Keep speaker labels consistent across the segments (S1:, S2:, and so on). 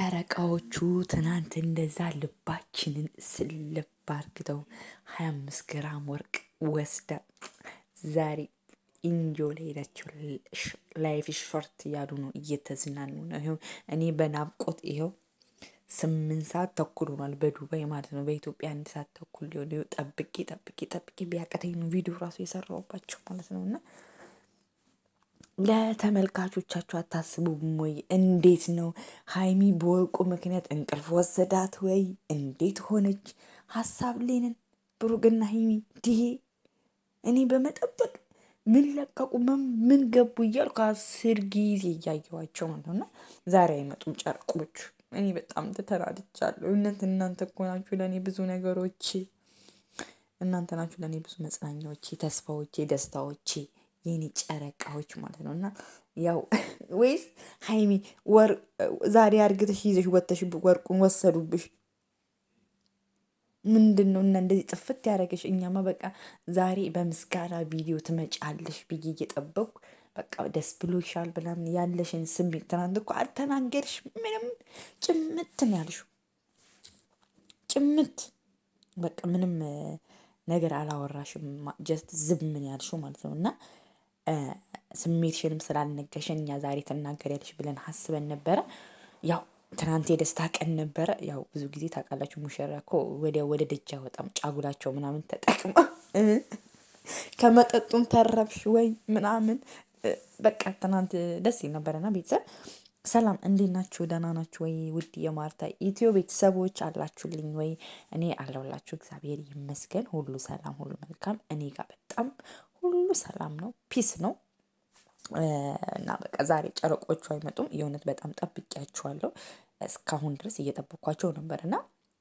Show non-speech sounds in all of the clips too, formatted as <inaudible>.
S1: ጨረቃዎቹ ትናንት እንደዛ ልባችንን ስልብ አርግተው ሀያ አምስት ግራም ወርቅ ወስዳ ዛሬ ኢንጆ ላይ ላይፍ ሾርት እያሉ ነው፣ እየተዝናኑ ነው። ይኸው እኔ በናብቆት ይኸው ስምንት ሰዓት ተኩል ሆኗል በዱባይ ማለት ነው። በኢትዮጵያ አንድ ሰዓት ተኩል ሊሆን ጠብቄ ጠብቄ ጠብቄ ቢያቀተኝ ነው ቪዲዮ ራሱ የሰራውባቸው ማለት ነው እና ለተመልካቾቻችሁ አታስቡም ወይ? እንዴት ነው ሀይሚ በወርቁ ምክንያት እንቅልፍ ወሰዳት ወይ? እንዴት ሆነች? ሀሳብ ሌንን ብሩግና ሀይሚ ድሄ እኔ በመጠበቅ ምን ለቀቁ ምን ገቡ እያል ከአስር ጊዜ እያየዋቸው ነው። እና ዛሬ አይመጡም ጨርቆች። እኔ በጣም ተተራድቻለሁ። እውነት እናንተ እኮ ናችሁ ለእኔ ብዙ ነገሮች፣ እናንተ ናችሁ ለእኔ ብዙ መጽናኛዎቼ፣ ተስፋዎቼ፣ ደስታዎቼ የኔ ጨረቃዎች ማለት ነው። እና ያው <laughs> ወይስ ሀይሚ ዛሬ አርግተሽ ይዘሽ ወተሽ ወርቁን ወሰዱብሽ ምንድን ነው? እና እንደዚህ ጥፍት ያደረገሽ። እኛማ በቃ ዛሬ በምስጋና ቪዲዮ ትመጫለሽ ብዬ እየጠበቅኩ በቃ ደስ ብሎሻል ብላምን ያለሽን ስሜት ትናንት እኮ አልተናገርሽ ምንም ጭምት ነው ያልሽው። ጭምት በቃ ምንም ነገር አላወራሽም። ጀስት ዝም ምን ያልሽው ማለት ነው እና ስሜትሽንም ስላልነገርሽን እኛ ዛሬ ትናገሪያለሽ ብለን አስበን ነበረ። ያው ትናንት የደስታ ቀን ነበረ። ያው ብዙ ጊዜ ታውቃላችሁ ሙሽራ እኮ ወዲያው ወደ ደጃ ወጣም ጫጉላቸው ምናምን ተጠቅመ <laughs> ከመጠጡም ተረብሽ ወይ ምናምን በቃ ትናንት ደስ ይል ነበረና ቤተሰብ ሰላም እንዴት ናችሁ? ደህና ናችሁ ወይ? ውድ የማርታ ኢትዮ ቤተሰቦች አላችሁልኝ ወይ? እኔ አለሁላችሁ። እግዚአብሔር ይመስገን፣ ሁሉ ሰላም፣ ሁሉ መልካም። እኔ ጋር በጣም ሁሉ ሰላም ነው፣ ፒስ ነው። እና በቃ ዛሬ ጨረቆቹ አይመጡም። የእውነት በጣም ጠብቂያቸዋለሁ። እስካሁን ድረስ እየጠበኳቸው ነበር እና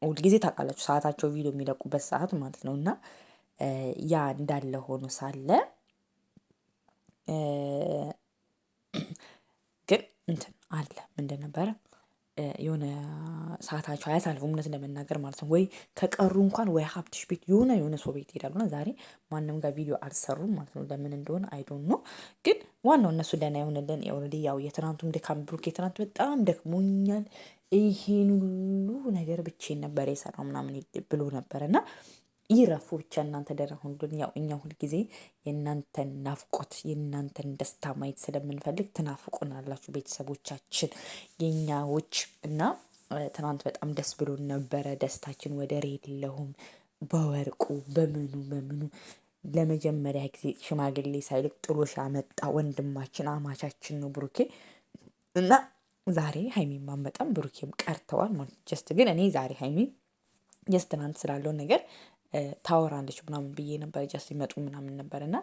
S1: ሁልጊዜ ታውቃላችሁ ሰዓታቸው ቪዲዮ የሚለቁበት ሰዓት ማለት ነው። እና ያ እንዳለ ሆኖ ሳለ ግን እንትን አለ ምንድን ነበረ የሆነ ሰዓታቸው አያሳልፉም እውነት እንደመናገር ማለት ነው። ወይ ከቀሩ እንኳን ወይ ሀብትሽ ቤት የሆነ የሆነ ሰው ቤት ይሄዳሉ እና ዛሬ ማንም ጋር ቪዲዮ አልሰሩም ማለት ነው። ለምን እንደሆነ አይዶን ነው። ግን ዋናው እነሱ ደህና ይሁንልን። ኦልሬዲ ያው የትናንቱም ድካም ብሩክ የትናንት በጣም ደክሞኛል ይሄን ሁሉ ነገር ብቼን ነበር የሰራው ምናምን ብሎ ነበር እና ይረፉ ብቻ እናንተ ደህና ሁኑልን። ያው እኛ ሁልጊዜ የእናንተን ናፍቆት የእናንተን ደስታ ማየት ስለምንፈልግ ትናፍቁናላችሁ ቤተሰቦቻችን የእኛዎች እና ትናንት በጣም ደስ ብሎን ነበረ። ደስታችን ወደር የለውም። በወርቁ በምኑ በምኑ ለመጀመሪያ ጊዜ ሽማግሌ ሳይልቅ ጥሎሽ ያመጣ ወንድማችን አማቻችን ነው ብሩኬ እና ዛሬ ሀይሚም አንመጣም ብሩኬም ቀርተዋል ማለት ጀስት ግን እኔ ዛሬ ሀይሚ ጀስት ትናንት ስላለው ነገር ታወራለች ምናምን ብዬ ነበር። ጃስ ሲመጡ ምናምን ነበር እና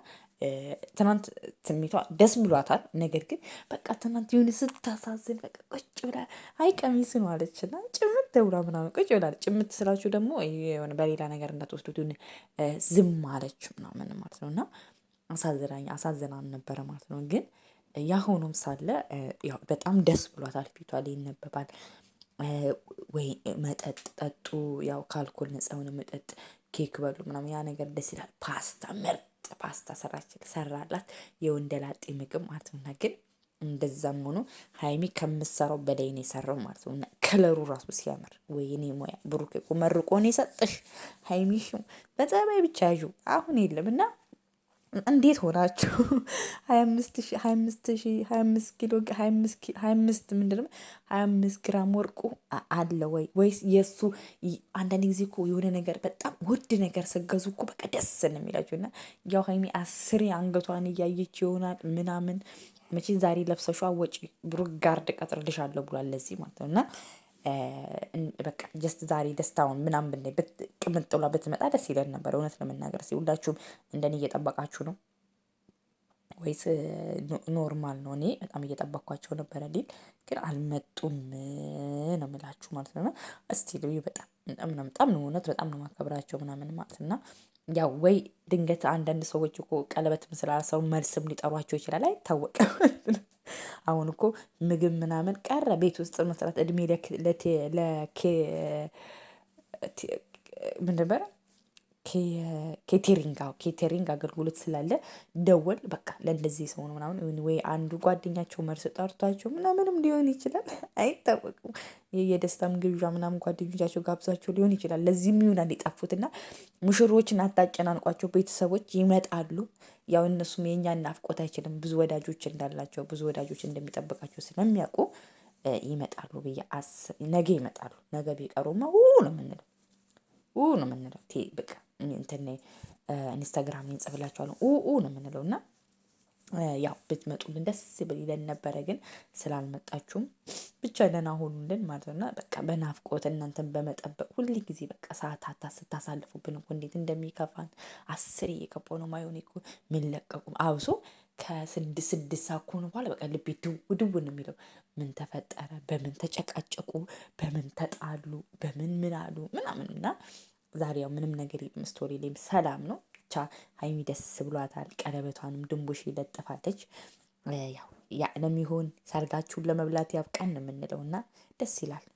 S1: ትናንት ስሜቷ ደስ ብሏታል። ነገር ግን በቃ ትናንት የሆነ ስታሳዝን በቃ ቁጭ ብላ አይ ቀሚስ ነው አለች እና ጭምት ተብላ ምናምን ቁጭ ብላ ጭምት ስላችሁ ደግሞ የሆነ በሌላ ነገር እንዳትወስዱት የሆነ ዝም አለች ምናምን ማለት ነው እና አሳዝናኝ አሳዝናን ነበረ ማለት ነው። ግን ያ ሆኖም ሳለ ያው በጣም ደስ ብሏታል። ፊቷ ላይ ይነበባል ወይ መጠጥ ጠጡ። ያው ከአልኮል ነፃ የሆነ መጠጥ ኬክ በሉ ምናምን፣ ያ ነገር ደስ ይላል። ፓስታ ምርጥ ፓስታ ሰራች ሰራላት፣ የወንደላጤ ምግብ ማለት ነው። ግን እንደዛም ሆኖ ሀይሚ ከምሰራው በላይ ነው የሰራው ማለት ነው። ከለሩ ራሱ ሲያምር ወይኔ ሙያ ብሩክ እኮ መርቆ ነው የሰጠሽ ሀይሚሽ፣ በጸባይ ብቻ ያዥው አሁን የለም እና እንዴት ሆናችሁ ሀያ አምስት ሺ ሀያ አምስት ኪሎ ሀያ አምስት ሀያ አምስት ግራም ወርቁ አለ ወይ ወይስ የእሱ? አንዳንድ ጊዜ እኮ የሆነ ነገር በጣም ውድ ነገር ስገዙ እኮ በቃ ደስ ነው የሚላችሁ። እና ያው ሀይሚ አስሬ አንገቷን እያየች ይሆናል ምናምን መቼ ዛሬ ለብሰሽው አወጪ ብሩ ጋርድ ቀጥርልሻለሁ ብሏል። ለዚህ ማለት ነው እና በቃ ጀስት ዛሬ ደስታውን ምናምን ብናይ ቅምጥ ብትመጣ ደስ ይለን ነበር። እውነት ለመናገር ሲ ሁላችሁም እንደኔ እየጠበቃችሁ ነው ወይስ ኖርማል ነው? እኔ በጣም እየጠበኳቸው ነበረ ሊል ግን አልመጡም ነው የምላችሁ ማለት ነው። እስቲ ልዩ በጣም በጣም ነው እውነት በጣም ነው ማከብራቸው ምናምን ማለት እና ያው ወይ ድንገት አንዳንድ ሰዎች እኮ ቀለበትም ስላላሰሩ መልስም ሊጠሯቸው ይችላል፣ አይታወቅም። <laughs> አሁን እኮ ምግብ ምናምን ቀረ ቤት ውስጥ መስራት እድሜ ለኬ ምንድን ኬቴሪንግ አዎ ኬቴሪንግ አገልግሎት ስላለ ደወል በቃ ለእንደዚህ ሰው ነው ምናምን ወይ አንዱ ጓደኛቸው መርስ ጠርቷቸው ምናምንም ሊሆን ይችላል <laughs> አይታወቅም። የደስታም ግብዣ ምናምን ጓደኞቻቸው ጋብዛቸው ሊሆን ይችላል ለዚህም ይሆናል የጠፉት እና ሙሽሮችን አታጨናንቋቸው ቤተሰቦች ይመጣሉ። ያው እነሱም የእኛ ናፍቆት አይችልም ብዙ ወዳጆች እንዳላቸው ብዙ ወዳጆች እንደሚጠብቃቸው ስለሚያውቁ ይመጣሉ ብዬ አስ ነገ ይመጣሉ ነገ ቢቀሩማ ኡ ነው የምንለው ኡ ነው የምንለው በቃ እንትን ኢንስታግራም ላይ እንጽፍላችኋለን ኡኡ ነው የምንለው እና ያው ብትመጡልን ደስ ብል ይለን ነበረ፣ ግን ስላልመጣችሁም ብቻ ደህና ሆኑልን ማለት ነው። እና በቃ በናፍቆት እናንተን በመጠበቅ ሁል ጊዜ በቃ ሰዓታት ስታሳልፉብን እኮ እንዴት እንደሚከፋን አስር እየገባው ነው ማይሆን እኮ የሚለቀቁም አብሶ ከስድስት ስድስት ሰዓት ከሆነ በኋላ በቃ ልቤ ድው ድው ነው የሚለው። ምን ተፈጠረ፣ በምን ተጨቃጨቁ፣ በምን ተጣሉ፣ በምን ምን አሉ ምናምን እና ዛሬ ያው ምንም ነገር የለም፣ ስቶሪ ላይም ሰላም ነው። ብቻ ሀይሚ ደስ ብሏታል። ቀለበቷንም ድንቦሽ ለጥፋለች። ያው ለሚሆን ሰርጋችሁን ለመብላት ያብቃን ነው የምንለው እና ደስ ይላል።